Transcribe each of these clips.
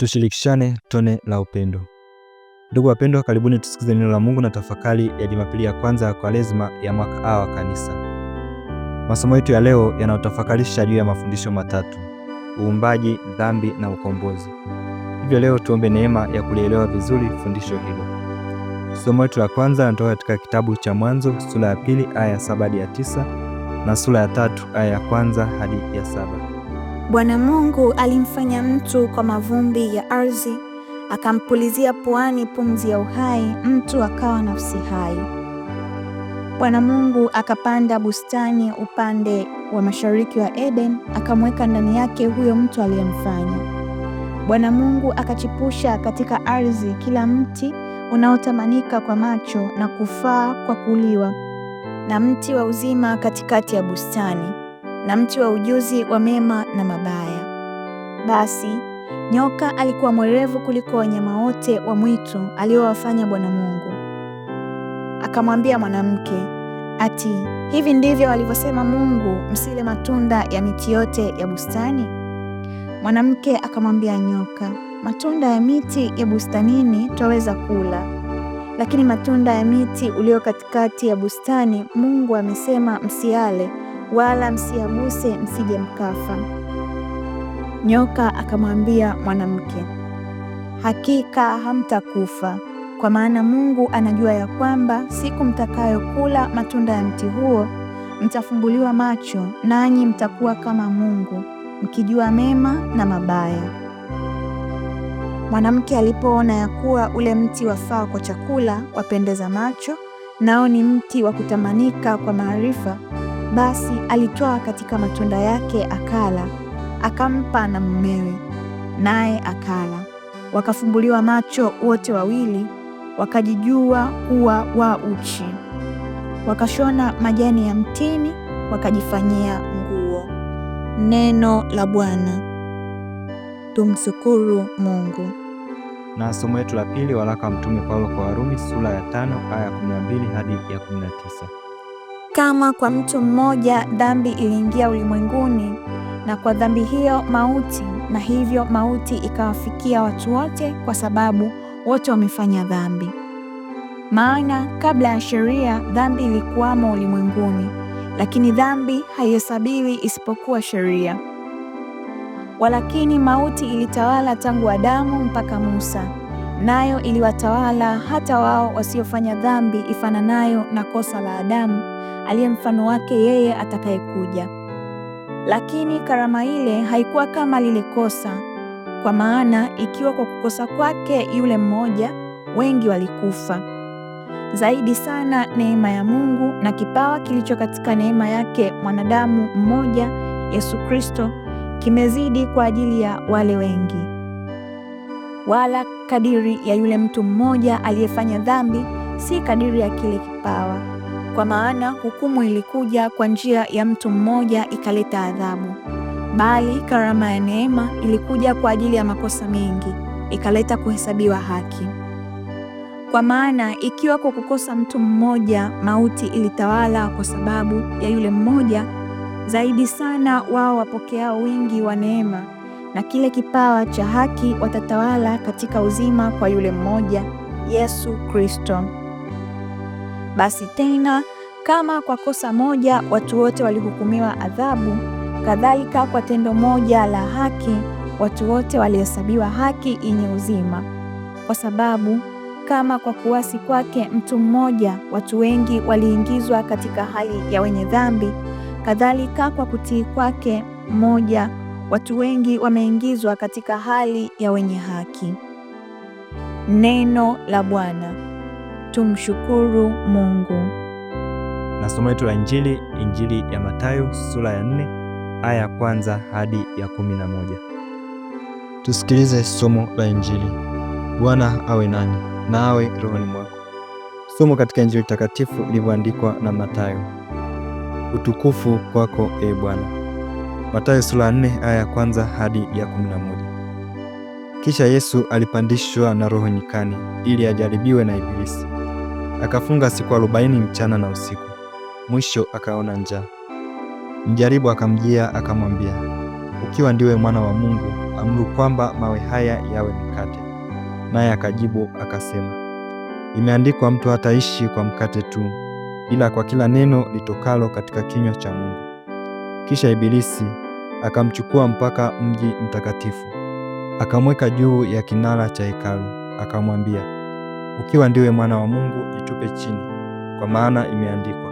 tushirikishane tone la upendo. Ndugu wapendwa, karibuni tusikize neno la Mungu na tafakari ya Jumapili ya kwanza ya Kwaresma ya mwaka A wa Kanisa. Masomo yetu ya leo yanayotafakarisha juu ya mafundisho matatu: uumbaji, dhambi na ukombozi. Hivyo leo tuombe neema ya kulielewa vizuri fundisho hilo. Somo letu la kwanza linatoka katika kitabu cha Mwanzo sura ya pili aya ya saba hadi ya tisa na sura ya tatu aya ya kwanza hadi ya saba. Bwana Mungu alimfanya mtu kwa mavumbi ya ardhi, akampulizia puani pumzi ya uhai, mtu akawa nafsi hai. Bwana Mungu akapanda bustani upande wa mashariki wa Eden, akamweka ndani yake huyo mtu aliyemfanya. Bwana Mungu akachipusha katika ardhi kila mti unaotamanika kwa macho na kufaa kwa kuliwa, na mti wa uzima katikati ya bustani na mti wa ujuzi wa mema na mabaya. Basi nyoka alikuwa mwerevu kuliko wanyama wote wa mwitu aliowafanya Bwana Mungu. Akamwambia mwanamke ati, hivi ndivyo alivyosema Mungu, msile matunda ya miti yote ya bustani? Mwanamke akamwambia nyoka, matunda ya miti ya bustanini twaweza kula lakini matunda ya miti ulio katikati ya bustani Mungu amesema msiale, wala msiaguse msije mkafa. Nyoka akamwambia mwanamke, hakika hamtakufa, kwa maana Mungu anajua ya kwamba siku mtakayokula matunda ya mti huo mtafumbuliwa macho, nanyi mtakuwa kama Mungu, mkijua mema na mabaya. Mwanamke alipoona ya kuwa ule mti wafaa kwa chakula, wapendeza macho, nao ni mti wa kutamanika kwa maarifa basi alitwaa katika matunda yake akala, akampa na mumewe, naye akala. Wakafumbuliwa macho wote wawili, wakajijua kuwa wa uchi, wakashona majani ya mtini wakajifanyia nguo. Neno la Bwana. Tumshukuru Mungu. Na somo letu la pili, waraka wa Mtume Paulo kwa Warumi sura ya tano aya ya 12 hadi ya 19. Kama kwa mtu mmoja dhambi iliingia ulimwenguni, na kwa dhambi hiyo mauti, na hivyo mauti ikawafikia watu wote, kwa sababu wote wamefanya dhambi. Maana kabla ya sheria dhambi ilikuwamo ulimwenguni, lakini dhambi haihesabiwi isipokuwa sheria. Walakini mauti ilitawala tangu Adamu mpaka Musa, nayo iliwatawala hata wao wasiofanya dhambi ifananayo na kosa la Adamu aliye mfano wake yeye atakayekuja. Lakini karama ile haikuwa kama lile kosa, kwa maana ikiwa kwa kukosa kwake yule mmoja wengi walikufa, zaidi sana neema ya Mungu na kipawa kilicho katika neema yake mwanadamu mmoja Yesu Kristo kimezidi kwa ajili ya wale wengi. Wala kadiri ya yule mtu mmoja aliyefanya dhambi si kadiri ya kile kipawa kwa maana hukumu ilikuja kwa njia ya mtu mmoja ikaleta adhabu, bali karama ya neema ilikuja kwa ajili ya makosa mengi ikaleta kuhesabiwa haki. Kwa maana ikiwa kwa kukosa mtu mmoja mauti ilitawala kwa sababu ya yule mmoja, zaidi sana wao wapokeao wingi wa neema na kile kipawa cha haki watatawala katika uzima kwa yule mmoja, Yesu Kristo. Basi tena kama kwa kosa moja watu wote walihukumiwa adhabu, kadhalika kwa tendo moja la haki watu wote walihesabiwa haki yenye uzima, kwa sababu kama kwa kuasi kwake mtu mmoja watu wengi waliingizwa katika hali ya wenye dhambi, kadhalika kwa kutii kwake mmoja watu wengi wameingizwa katika hali ya wenye haki. Neno la Bwana. Tumshukuru Mungu. Na somo letu la Injili, Injili ya Mathayo sura ya 4 aya ya kwanza hadi ya 11. Tusikilize somo la Injili. Bwana awe nani na awe rohoni mwako. Somo katika Injili takatifu lilivyoandikwa na Mathayo. Utukufu kwako e Bwana. Mathayo sura ya 4 aya ya kwanza hadi ya 11. Kisha Yesu alipandishwa na Roho nyikani ili ajaribiwe na Ibilisi. Akafunga siku arobaini mchana na usiku, mwisho akaona njaa. Mjaribu akamjia akamwambia, ukiwa ndiwe mwana wa Mungu, amru kwamba mawe haya yawe mikate. Naye akajibu akasema, imeandikwa, mtu hataishi kwa mkate tu, ila kwa kila neno litokalo katika kinywa cha Mungu. Kisha Ibilisi akamchukua mpaka mji mtakatifu, akamweka juu ya kinara cha hekalu, akamwambia ukiwa ndiwe mwana wa Mungu, jitupe chini, kwa maana imeandikwa,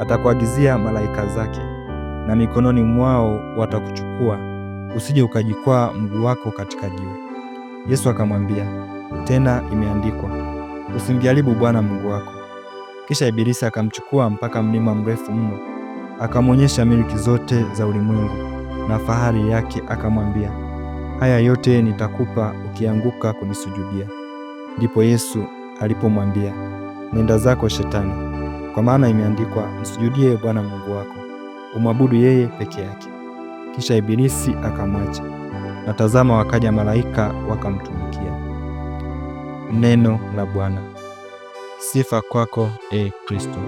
atakuagizia malaika zake, na mikononi mwao watakuchukua, usije ukajikwaa mguu wako katika jiwe. Yesu akamwambia, tena imeandikwa, usimjaribu Bwana Mungu wako. Kisha Ibilisi akamchukua mpaka mlima mrefu mno, akamwonyesha miliki zote za ulimwengu na fahari yake, akamwambia, haya yote nitakupa ukianguka kunisujudia. Ndipo Yesu alipomwambia, nenda zako Shetani, kwa maana imeandikwa, msujudie Bwana Mungu wako, umwabudu yeye peke yake. Kisha Ibilisi akamwacha, na tazama, wakaja malaika wakamtumikia. Neno la Bwana. Sifa kwako e Kristo.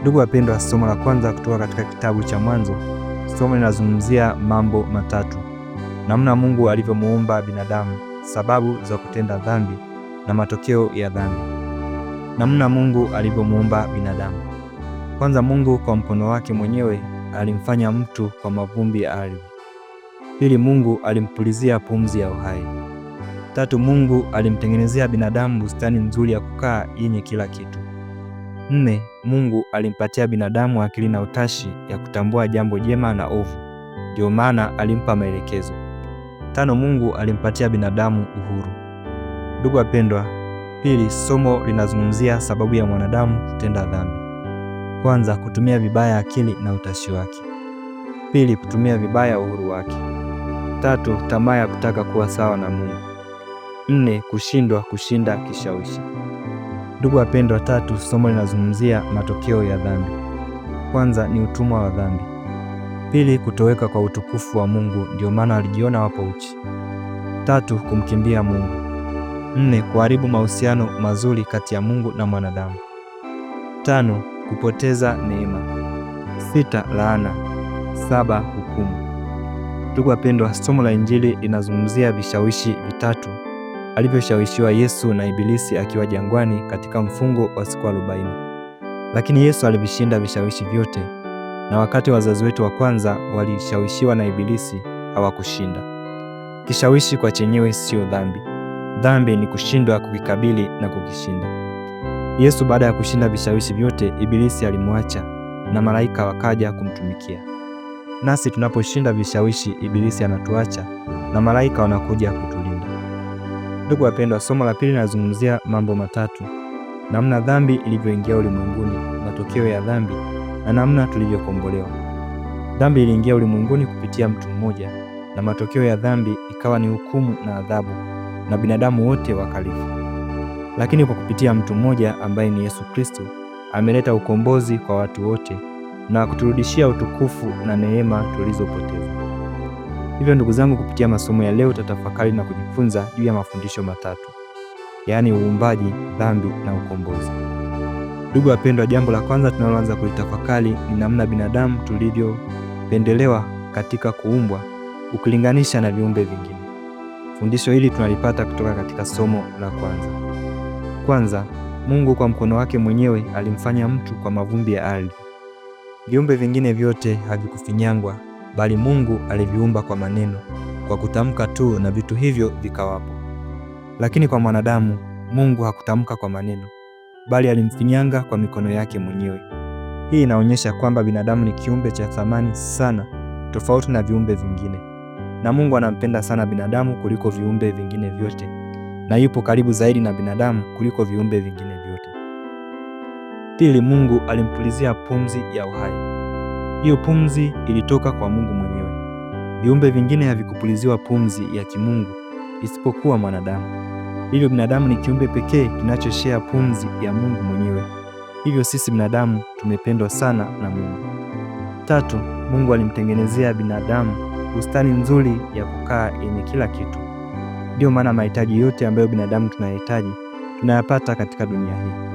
Ndugu wapendwa, somo la kwanza kutoka katika kitabu cha Mwanzo. Somo linazungumzia mambo matatu: namna Mungu alivyomuumba binadamu, sababu za kutenda dhambi na matokeo ya dhambi. Namna Mungu alivyomuumba binadamu. Kwanza, Mungu kwa mkono wake mwenyewe alimfanya mtu kwa mavumbi ya ardhi. Pili, Mungu alimpulizia pumzi ya uhai. Tatu, Mungu alimtengenezea binadamu bustani nzuri ya kukaa yenye kila kitu. Nne, Mungu alimpatia binadamu akili na utashi ya kutambua jambo jema na ovu, ndio maana alimpa maelekezo. Tano, Mungu alimpatia binadamu uhuru. Ndugu wapendwa, pili, somo linazungumzia sababu ya mwanadamu kutenda dhambi. Kwanza, kutumia vibaya akili na utashi wake. Pili, kutumia vibaya uhuru wake. Tatu, tamaa ya kutaka kuwa sawa na Mungu. Nne, kushindwa kushinda kishawishi. Ndugu wapendwa, tatu, somo linazungumzia matokeo ya dhambi. Kwanza ni utumwa wa dhambi. Pili, kutoweka kwa utukufu wa Mungu, ndio maana walijiona wapo uchi. Tatu, kumkimbia Mungu. Nne, kuharibu mahusiano mazuri kati ya Mungu na mwanadamu. Tano, kupoteza neema. Sita, laana. Saba, hukumu. Ndugu wapendwa, somo la Injili linazungumzia vishawishi vitatu alivyoshawishiwa Yesu na Ibilisi akiwa jangwani katika mfungo wa siku arobaini, lakini Yesu alivishinda vishawishi vyote. Na wakati wazazi wetu wa kwanza walishawishiwa na Ibilisi hawakushinda. Kishawishi kwa chenyewe siyo dhambi Dhambi ni kushindwa kukikabili na kukishinda. Yesu baada ya kushinda vishawishi vyote, Ibilisi alimwacha na malaika wakaja kumtumikia. Nasi tunaposhinda vishawishi, Ibilisi anatuacha na malaika wanakuja kutulinda. Ndugu wapendwa, somo la pili linazungumzia mambo matatu: namna dhambi ilivyoingia ulimwenguni, matokeo ya dhambi na namna tulivyokombolewa. Dhambi iliingia ulimwenguni kupitia mtu mmoja, na matokeo ya dhambi ikawa ni hukumu na adhabu na binadamu wote wakalifu, lakini kwa kupitia mtu mmoja ambaye ni Yesu Kristo ameleta ukombozi kwa watu wote na kuturudishia utukufu na neema tulizopoteza. Hivyo ndugu zangu, kupitia masomo ya leo tatafakari na kujifunza juu ya mafundisho matatu, yaani uumbaji, dhambi na ukombozi. Ndugu wapendwa, jambo la kwanza tunaloanza kulitafakari ni namna binadamu tulivyopendelewa katika kuumbwa ukilinganisha na viumbe vingine. Fundisho hili tunalipata kutoka katika somo la kwanza. Kwanza, Mungu kwa mkono wake mwenyewe alimfanya mtu kwa mavumbi ya ardhi. Viumbe vingine vyote havikufinyangwa, bali Mungu aliviumba kwa maneno, kwa kutamka tu, na vitu hivyo vikawapo. Lakini kwa mwanadamu Mungu hakutamka kwa maneno, bali alimfinyanga kwa mikono yake mwenyewe. Hii inaonyesha kwamba binadamu ni kiumbe cha thamani sana, tofauti na viumbe vingine na Mungu anampenda sana binadamu kuliko viumbe vingine vyote na yupo karibu zaidi na binadamu kuliko viumbe vingine vyote. Pili, Mungu alimpulizia pumzi ya uhai. Hiyo pumzi ilitoka kwa Mungu mwenyewe. Viumbe vingine havikupuliziwa pumzi ya kimungu isipokuwa mwanadamu. Hivyo binadamu ni kiumbe pekee kinachoshea pumzi ya Mungu mwenyewe. Hivyo sisi binadamu tumependwa sana na Mungu. Tatu, Mungu alimtengenezea binadamu bustani nzuri ya kukaa yenye kila kitu. Ndiyo maana mahitaji yote ambayo binadamu tunayahitaji tunayapata katika dunia hii.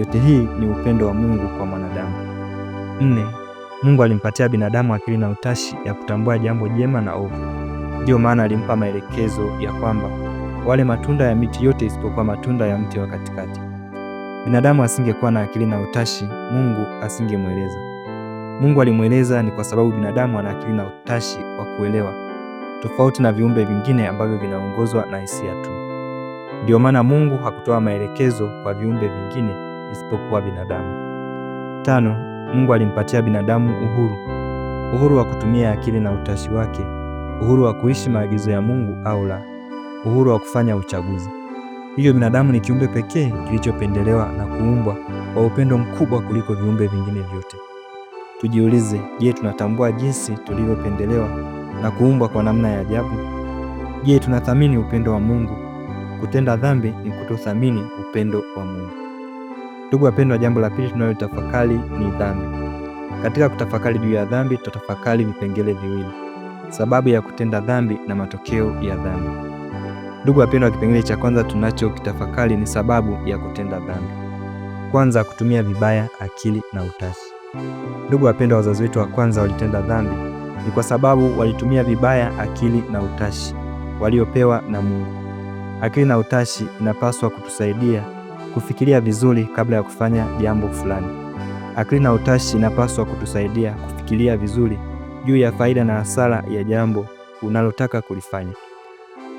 Yote hii ni upendo wa Mungu kwa mwanadamu. Nne, Mungu alimpatia binadamu akili na utashi ya kutambua jambo jema na ovu. Ndiyo maana alimpa maelekezo ya kwamba wale matunda ya miti yote isipokuwa matunda ya mti wa katikati. Binadamu asingekuwa na akili na utashi, Mungu asingemweleza. Mungu alimweleza ni kwa sababu binadamu ana akili na utashi wa kuelewa, tofauti na viumbe vingine ambavyo vinaongozwa na hisia tu. Ndiyo maana Mungu hakutoa maelekezo kwa viumbe vingine isipokuwa binadamu. Tano, Mungu alimpatia binadamu uhuru, uhuru wa kutumia akili na utashi wake, uhuru wa kuishi maagizo ya Mungu au la, uhuru wa kufanya uchaguzi. Hivyo binadamu ni kiumbe pekee kilichopendelewa na kuumbwa kwa upendo mkubwa kuliko viumbe vingine vyote. Tujiulize, je, tunatambua jinsi tulivyopendelewa na kuumbwa kwa namna ya ajabu? Je, tunathamini upendo wa Mungu? Kutenda dhambi ni kutothamini upendo wa Mungu. Ndugu wapendwa, jambo la pili tunayotafakari ni dhambi. Katika kutafakari juu ya dhambi, tutafakari vipengele viwili: sababu ya kutenda dhambi na matokeo ya dhambi. Ndugu wapendwa, kipengele cha kwanza tunachokitafakari ni sababu ya kutenda dhambi. Kwanza, kutumia vibaya akili na utashi. Ndugu wapendwa, wazazi wetu wa kwanza walitenda dhambi ni kwa sababu walitumia vibaya akili na utashi waliopewa na Mungu. Akili na utashi inapaswa kutusaidia kufikiria vizuri kabla ya kufanya jambo fulani. Akili na utashi inapaswa kutusaidia kufikiria vizuri juu ya faida na hasara ya jambo unalotaka kulifanya.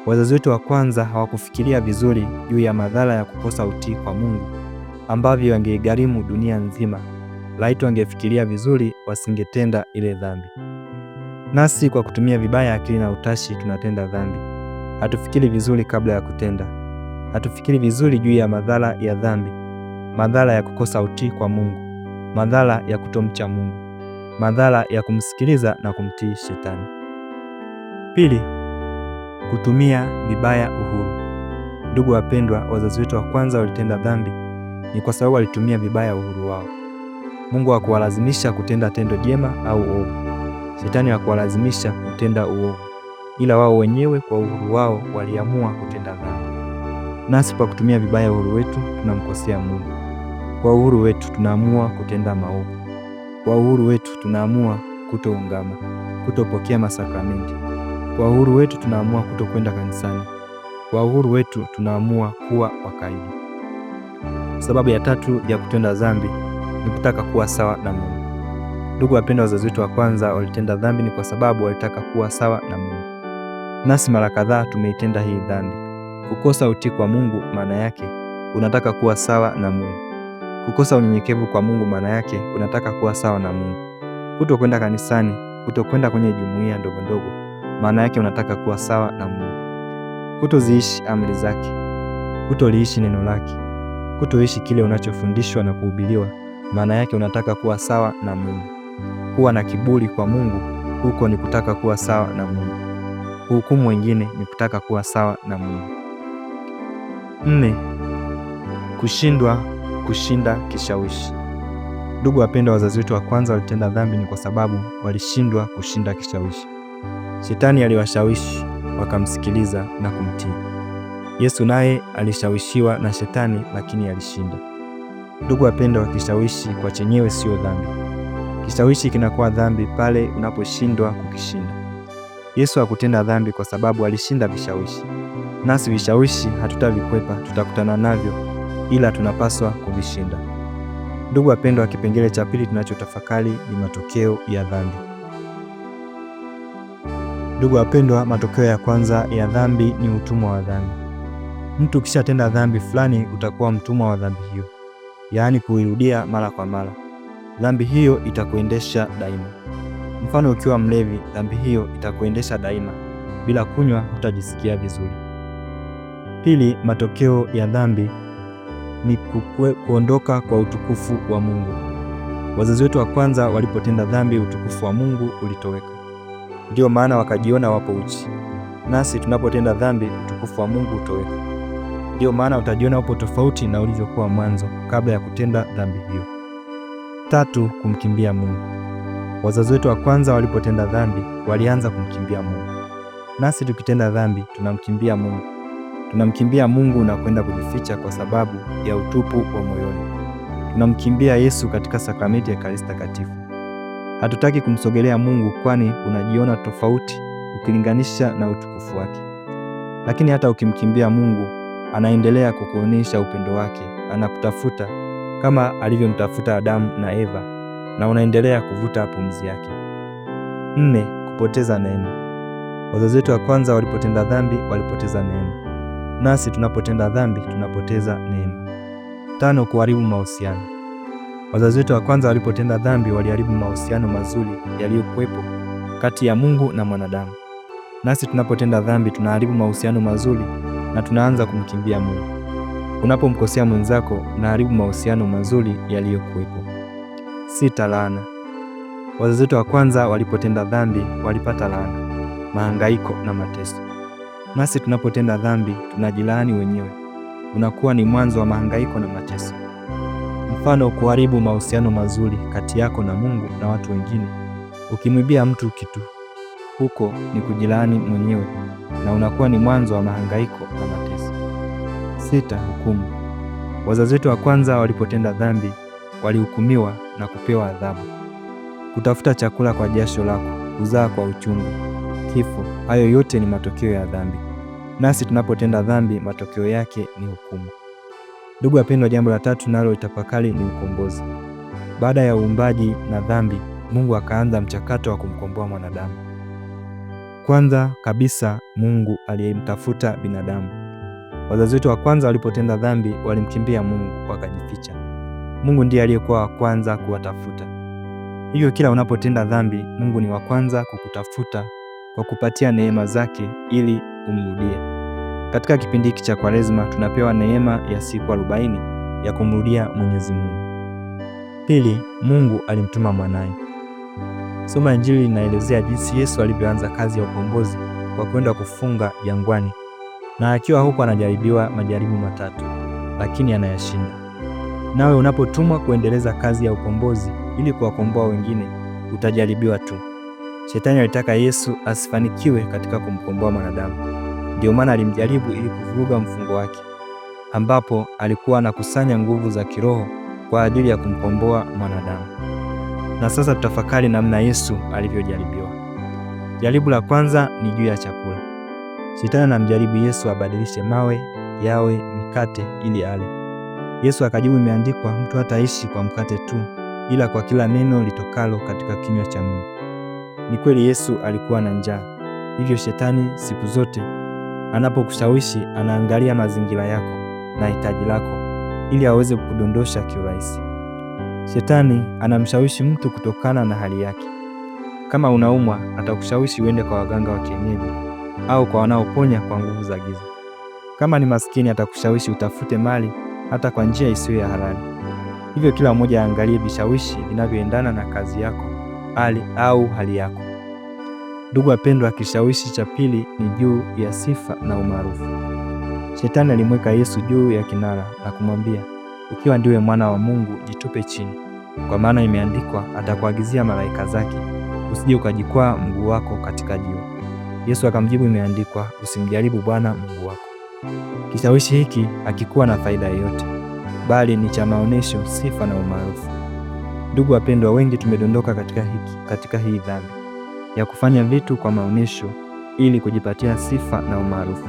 Wazazi wetu wa kwanza hawakufikiria vizuri juu ya madhara ya kukosa utii kwa Mungu ambavyo yangegharimu dunia nzima laiti wangefikiria vizuri wasingetenda ile dhambi. Nasi kwa kutumia vibaya akili na utashi tunatenda dhambi. Hatufikiri vizuri kabla ya kutenda, hatufikiri vizuri juu ya madhara ya dhambi, madhara ya kukosa utii kwa Mungu, madhara ya kutomcha Mungu, madhara ya kumsikiliza na kumtii Shetani. Pili, kutumia vibaya uhuru. Ndugu wapendwa, wazazi wetu wa kwanza walitenda dhambi, ni kwa sababu walitumia vibaya uhuru wao. Mungu hakuwalazimisha kutenda tendo jema au ovu. Shetani hakuwalazimisha kutenda uovu, ila wao wenyewe kwa uhuru wao waliamua kutenda dhambi. Nasi kwa kutumia vibaya uhuru wetu tunamkosea Mungu. Kwa uhuru wetu tunaamua kutenda maovu. Kwa uhuru wetu tunaamua kutoungama, kutopokea masakramenti. Kwa uhuru wetu tunaamua kutokwenda kanisani. Kwa uhuru wetu tunaamua kuwa wakaidi. Sababu ya tatu ya kutenda dhambi ni kutaka kuwa sawa na Mungu. Ndugu wapendwa, wazazi wetu wa kwanza walitenda dhambi ni kwa sababu walitaka kuwa sawa na Mungu, nasi mara kadhaa tumeitenda hii dhambi. Kukosa utii kwa Mungu maana yake unataka kuwa sawa na Mungu. Kukosa unyenyekevu kwa Mungu maana yake unataka kuwa sawa na Mungu. Kutokwenda kanisani, kutokwenda kwenye jumuiya ndogo ndogo maana yake unataka kuwa sawa na Mungu. Kutoziishi amri zake, kutoliishi neno lake, kutoishi kile unachofundishwa na kuhubiriwa maana yake unataka kuwa sawa na Mungu. Kuwa na kiburi kwa Mungu huko ni kutaka kuwa sawa na Mungu. Kuhukumu wengine ni kutaka kuwa sawa na Mungu. Nne, kushindwa kushinda kishawishi. Ndugu wapenda wazazi wetu wa kwanza walitenda dhambi ni kwa sababu walishindwa kushinda kishawishi. Shetani aliwashawishi wakamsikiliza na kumtii. Yesu naye alishawishiwa na shetani lakini alishinda. Ndugu wapendwa, kishawishi kwa chenyewe siyo dhambi. Kishawishi kinakuwa dhambi pale unaposhindwa kukishinda. Yesu hakutenda dhambi kwa sababu alishinda vishawishi, nasi vishawishi hatutavikwepa, tutakutana navyo, ila tunapaswa kuvishinda. Ndugu wapendwa, kipengele cha pili tunachotafakari ni matokeo ya dhambi. Ndugu wapendwa, matokeo ya kwanza ya dhambi ni utumwa wa dhambi. Mtu ukishatenda dhambi fulani, utakuwa mtumwa wa dhambi hiyo yaani kuirudia mara kwa mara, dhambi hiyo itakuendesha daima. Mfano, ukiwa mlevi, dhambi hiyo itakuendesha daima. Bila kunywa hutajisikia vizuri. Pili, matokeo ya dhambi ni kukwe, kuondoka kwa utukufu wa Mungu. Wazazi wetu wa kwanza walipotenda dhambi, utukufu wa Mungu ulitoweka, ndiyo maana wakajiona wapo uchi. Nasi tunapotenda dhambi, utukufu wa Mungu hutoweka. Ndiyo maana utajiona upo tofauti na ulivyokuwa mwanzo kabla ya kutenda dhambi hiyo. Tatu, kumkimbia Mungu. Wazazi wetu wa kwanza walipotenda dhambi walianza kumkimbia Mungu, nasi tukitenda dhambi tunamkimbia Mungu. Tunamkimbia Mungu na kwenda kujificha kwa sababu ya utupu wa moyoni. Tunamkimbia Yesu katika sakramenti ya Ekaristi Takatifu. Hatutaki kumsogelea Mungu, kwani unajiona tofauti ukilinganisha na utukufu wake. Lakini hata ukimkimbia Mungu anaendelea kukuonyesha upendo wake, anakutafuta kama alivyomtafuta Adamu na Eva, na unaendelea kuvuta pumzi yake. Nne, kupoteza neema. Wazazi wetu wa kwanza walipotenda dhambi walipoteza neema, nasi tunapotenda dhambi tunapoteza neema. Tano, kuharibu mahusiano. Wazazi wetu wa kwanza walipotenda dhambi waliharibu mahusiano mazuri yaliyokuwepo kati ya Mungu na mwanadamu, nasi tunapotenda dhambi tunaharibu mahusiano mazuri na tunaanza kumkimbia Mungu. Unapomkosea mwenzako, unaharibu mahusiano mazuri yaliyokuwepo. Sita, laana. Wazazi wetu wa kwanza walipotenda dhambi walipata laana, mahangaiko na mateso. Nasi tunapotenda dhambi tunajilaani wenyewe, unakuwa ni mwanzo wa mahangaiko na mateso. Mfano, kuharibu mahusiano mazuri kati yako na Mungu na watu wengine, ukimwibia mtu kitu huko ni kujilaani mwenyewe na unakuwa ni mwanzo wa mahangaiko na mateso. Sita, hukumu. Wazazi wetu wa kwanza walipotenda dhambi walihukumiwa na kupewa adhabu. Kutafuta chakula kwa jasho lako, kuzaa kwa uchungu, kifo, hayo yote ni matokeo ya dhambi. Nasi tunapotenda dhambi, matokeo yake ni hukumu. Ndugu wapendwa, jambo la tatu nalo itafakari ni ukombozi. Baada ya uumbaji na dhambi, Mungu akaanza mchakato wa kumkomboa mwanadamu kwanza kabisa Mungu aliyemtafuta binadamu. Wazazi wetu wa kwanza walipotenda dhambi walimkimbia Mungu, wakajificha. Mungu ndiye aliyekuwa wa kwanza kuwatafuta. Hivyo kila unapotenda dhambi, Mungu ni wa kwanza kukutafuta kwa kupatia neema zake ili umrudie. Katika kipindi hiki cha Kwaresma tunapewa neema ya siku arobaini ya kumrudia Mwenyezi Mungu. Pili, Mungu alimtuma mwanaye. Somo la Injili linaelezea jinsi Yesu alivyoanza kazi ya ukombozi kwa kwenda kufunga jangwani, na akiwa huko anajaribiwa majaribu matatu, lakini anayashinda. Nawe unapotumwa kuendeleza kazi ya ukombozi ili kuwakomboa wengine, utajaribiwa tu. Shetani alitaka Yesu asifanikiwe katika kumkomboa mwanadamu, ndio maana alimjaribu ili kuvuruga mfungo wake, ambapo alikuwa anakusanya nguvu za kiroho kwa ajili ya kumkomboa mwanadamu. Na sasa tutafakari namna Yesu alivyojaribiwa. Jaribu la kwanza ni juu ya chakula. Shetani anamjaribu Yesu abadilishe mawe yawe mikate ili ale. Yesu akajibu, imeandikwa, mtu hataishi kwa mkate tu, ila kwa kila neno litokalo katika kinywa cha Mungu. Ni kweli Yesu alikuwa na njaa, hivyo shetani siku zote anapokushawishi anaangalia mazingira yako na hitaji lako ili aweze kukudondosha kiurahisi. Shetani anamshawishi mtu kutokana na hali yake. Kama unaumwa, atakushawishi uende kwa waganga wa kienyeji au kwa wanaoponya kwa nguvu za giza. Kama ni maskini, atakushawishi utafute mali hata kwa njia isiyo ya halali. Hivyo kila mmoja aangalie vishawishi vinavyoendana na kazi yako hali au hali yako. Ndugu wapendwa, kishawishi cha pili ni juu ya sifa na umaarufu. Shetani alimweka Yesu juu ya kinara na kumwambia ikiwa ndiwe mwana wa Mungu, jitupe chini, kwa maana imeandikwa, atakuagizia malaika zake, usije ukajikwaa mguu wako katika jiwe. Yesu akamjibu, imeandikwa, usimjaribu Bwana Mungu wako. Kishawishi hiki hakikuwa na faida yoyote, bali ni cha maonesho, sifa na umaarufu. Ndugu wapendwa, wengi tumedondoka katika hiki, katika hii dhambi ya kufanya vitu kwa maonesho ili kujipatia sifa na umaarufu.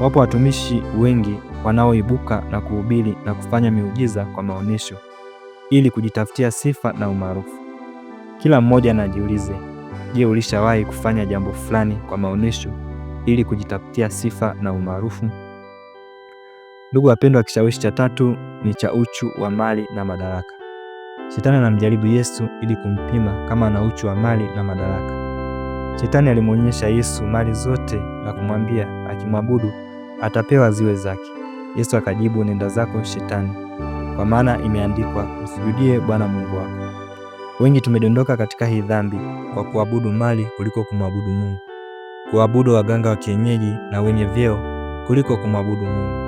Wapo watumishi wengi wanaoibuka na kuhubiri na kufanya miujiza kwa maonesho ili kujitafutia sifa na umaarufu. Kila mmoja anajiulize, je, ulishawahi kufanya jambo fulani kwa maonesho ili kujitafutia sifa na umaarufu? Ndugu wapendwa, kishawishi cha tatu ni cha uchu wa mali na madaraka. Shetani anamjaribu Yesu ili kumpima kama ana uchu wa mali na madaraka. Shetani alimwonyesha Yesu mali zote na kumwambia akimwabudu atapewa ziwe zake. Yesu akajibu, nenda zako Shetani, kwa maana imeandikwa, msujudie Bwana Mungu wako. Wengi tumedondoka katika hii dhambi kwa kuabudu mali kuliko kumwabudu Mungu, kuabudu waganga wa kienyeji na wenye vyeo kuliko kumwabudu Mungu.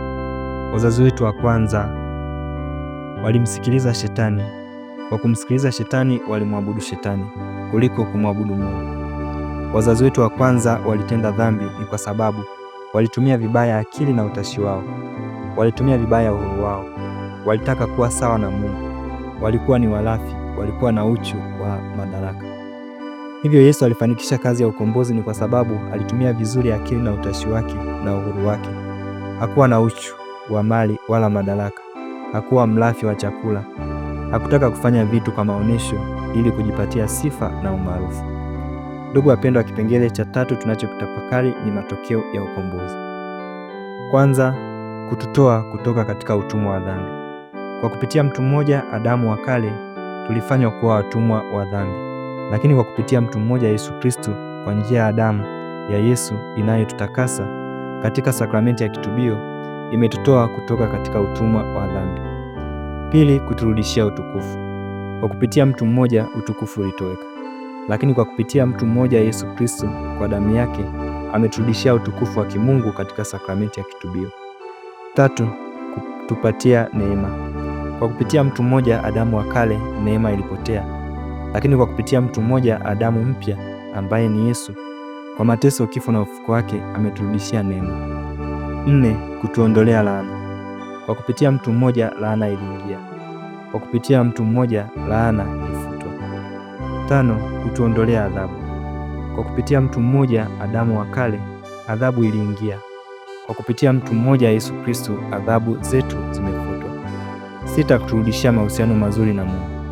Wazazi wetu wa kwanza walimsikiliza Shetani. Kwa kumsikiliza Shetani walimwabudu Shetani kuliko kumwabudu Mungu. Wazazi wetu wa kwanza walitenda dhambi ni kwa sababu walitumia vibaya akili na utashi wao walitumia vibaya uhuru wao, walitaka kuwa sawa na Mungu, walikuwa ni walafi, walikuwa na uchu wa madaraka. Hivyo Yesu alifanikisha kazi ya ukombozi ni kwa sababu alitumia vizuri akili na utashi wake na uhuru wake. Hakuwa na uchu wa mali wala madaraka, hakuwa mlafi wa chakula, hakutaka kufanya vitu kwa maonyesho ili kujipatia sifa na umaarufu. Ndugu wapendwa, kipengele cha tatu tunachokitafakari ni matokeo ya ukombozi. Kwanza, kututoa kutoka katika utumwa wa dhambi. Kwa kupitia mtu mmoja Adamu wa kale tulifanywa kuwa watumwa wa dhambi, lakini kwa kupitia mtu mmoja Yesu Kristo, kwa njia ya damu ya Yesu inayotutakasa katika sakramenti ya kitubio, imetutoa kutoka katika utumwa wa dhambi. Pili, kuturudishia utukufu. Kwa kupitia mtu mmoja utukufu ulitoweka, lakini kwa kupitia mtu mmoja Yesu Kristo, kwa damu yake ameturudishia utukufu wa kimungu katika sakramenti ya kitubio. Tatu, kutupatia neema. Kwa kupitia mtu mmoja Adamu wa kale neema ilipotea, lakini kwa kupitia mtu mmoja Adamu mpya ambaye ni Yesu, kwa mateso, kifo na ufufuko wake ameturudishia neema. Nne, kutuondolea laana. Kwa kupitia mtu mmoja laana iliingia, kwa kupitia mtu mmoja laana ilifutwa. Tano, kutuondolea adhabu. Kwa kupitia mtu mmoja Adamu wa kale adhabu iliingia kwa kupitia mtu mmoja Yesu Kristo, adhabu zetu zimefutwa. Sita, kuturudishia mahusiano mazuri na Mungu.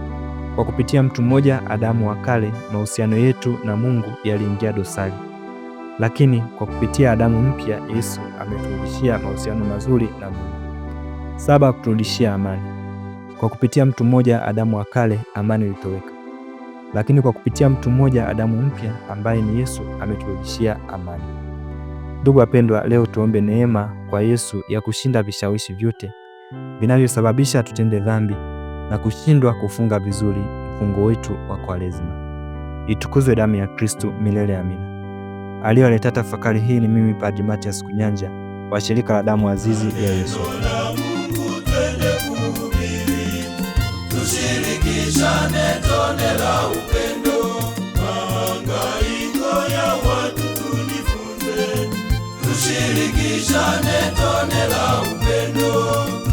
Kwa kupitia mtu mmoja Adamu wa kale, mahusiano yetu na Mungu yaliingia dosari, lakini kwa kupitia Adamu mpya Yesu ameturudishia mahusiano mazuri na Mungu. Saba, kuturudishia amani. Kwa kupitia mtu mmoja Adamu wa kale, amani ilitoweka, lakini kwa kupitia mtu mmoja Adamu mpya ambaye ni Yesu ameturudishia amani. Ndugu wapendwa, leo tuombe neema kwa Yesu ya kushinda vishawishi vyote vinavyosababisha tutende dhambi na kushindwa kufunga vizuri mfungo wetu wa Kwaresima. Itukuzwe damu ya Kristu! Milele amina. Aliyoleta tafakari hii ni mimi Padre Mathias Kunyanja wa shirika la damu azizi ya Yesu. Tushirikishane tone la upendo tushirikishane tone la upendo.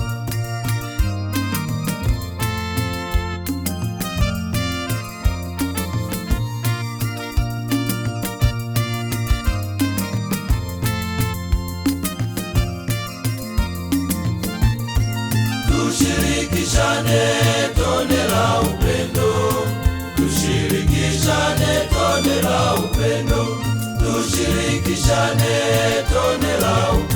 tushane tone la